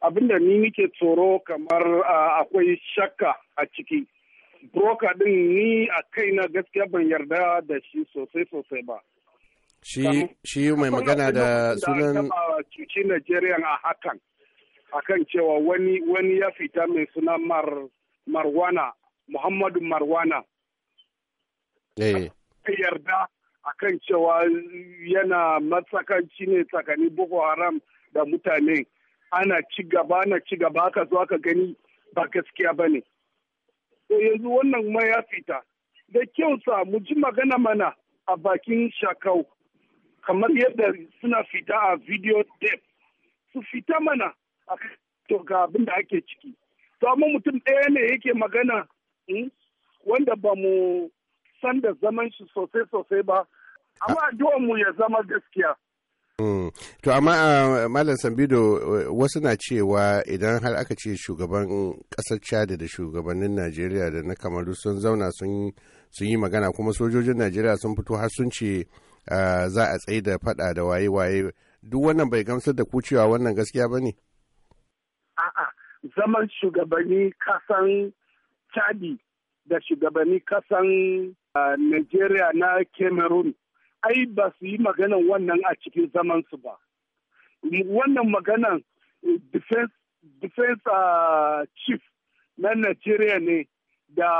abinda ni nike tsoro kamar akwai shakka a ciki broker din ni a kai na gaskiya ban yarda da shi sosai sosai ba shi mai magana da sunan cuci Najeriya a hakan akan cewa wani wani ya fita mai suna mar marwana muhammadu marwana ya eh. yarda akan cewa yana matsakanci ne tsakanin boko haram da mutane ana ci gaba na ci gaba ka zuwa ka gani ba gaskiya ba ne. To yanzu wannan ma ya fita da kyausa mu ji magana mana a bakin shakau kamar yadda suna fita a video tape su fita mana a to ga abin da ake ciki. To amma mutum ɗaya ne yake magana hmm, wanda ba mu san da zaman shi sosai sosai ba. Amma mu ya zama gaskiya. Mm. To amma uh, Malam Sambido uh, wasu na cewa idan har aka ce shugaban kasar Chad da shugabannin Najeriya da na Kamaru sun zauna sun yi magana kuma sojojin Najeriya sun fito har sun ce uh, za a tsaye da fada da waye-waye duk wannan bai gamsar da kucewa wannan gaskiya ba ne? A'a zaman shugabanni kasan Chadi da shugabanni kasan Najeriya na Cameroon ai ba su yi maganan wannan a cikin zaman su ba wannan maganan defense, defense uh, chief na Najeriya ne da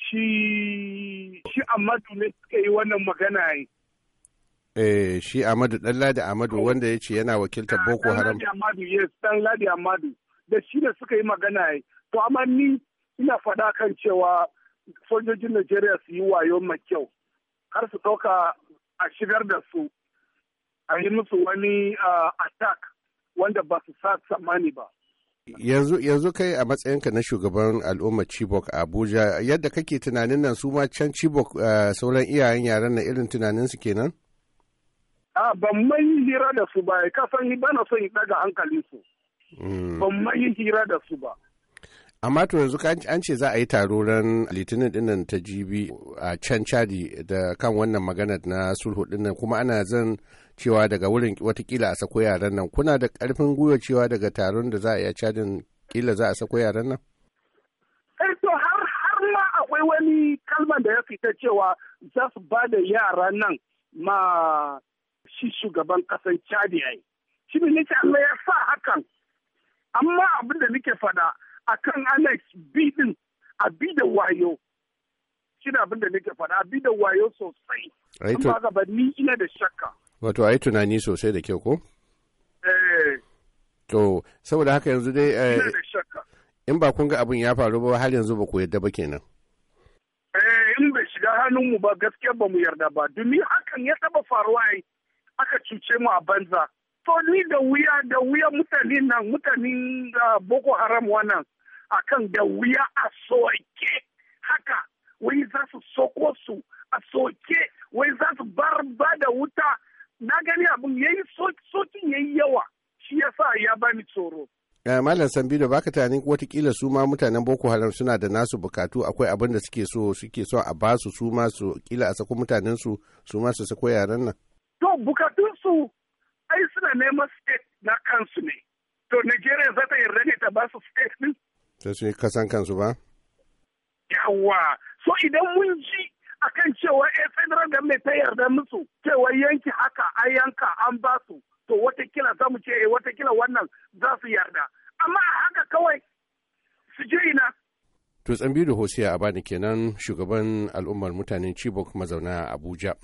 shi Amadu ne suka yi wannan magana yi. Eh, shi Amadu dan Ladi Amadu wanda ya ce yana wakiltar ah, Boko Haram. Dan Amadu, yes, dan Ladi Amadu. Da shi da suka yi magana yi. To amma ni ina faɗa kan cewa sojojin Najeriya su yi wayo mai kyau. har su ɗauka a shigar da su a yi musu wani attack wanda ba su sa tsammani ba. Yanzu kai a matsayinka na shugaban Al'umma Chibok a Abuja yadda kake tunanin nan su ma can Chibok sauran iyayen yaren na irin tunanin su kenan? A ban mai hira da su ba, ka san son yi daga hankalin su. Mm. Ban mai hira da su ba. amma to yanzu an ce za a yi taro ran litinin dinnan ta jibi a can chadi da kan wannan maganar na sulhu dinnan kuma ana zan cewa daga wurin watakila a sako yaran nan kuna da karfin gwiwa cewa daga taron da za a yi a chadin kila za a sako yaran nan eh, to har har ma akwai wani kalmar da ya fita cewa za su ba da yaran nan ma shi shugaban kasan chadi ai shi ne ne ya sa hakan amma abin da nake fada a kan alex bidin din a bi da wayo shi da abin da nake faɗa a bi da wayo sosai amma gaba ni ina da shakka wato a yi tunani sosai da kyau ko eh to saboda haka yanzu dai eh, in ba kun ga abin ya faru ba har yanzu ba ku yadda ba kenan eh in bai shiga hannunmu ba gaskiya ba mu yarda ba domin hakan ya taba faruwa eh, aka cuce mu a banza to ni da wuya da wuya mutanen nan mutanen ah, boko haram wannan akan da wuya a soke haka wai za su soko su a soke wai za su bar ba da wuta na gani abin ya yi sokin ya yi yawa shi ya sa ya bani tsoro. Eh, Malam Sambido baka tunanin watakila su ma mutanen Boko Haram suna da nasu bukatu akwai abin da suke so suke so a ba su su ma su kila a sako mutanen su su ma su sako yaran nan. To bukatun su ai suna neman state na kansu ne. To Nigeria za ta yarda ne ta ba su state din sai su yi kasan kansu ba yawa so idan mun ji akan cewa a eh, federal government ta yarda musu cewa yanki haka an yanka an ba su to watakila za mu ce eh watakila wannan za su yarda amma a haka kawai su je ina To da Hosiya bani kenan shugaban al'ummar mutanen Chibok mazauna Abuja.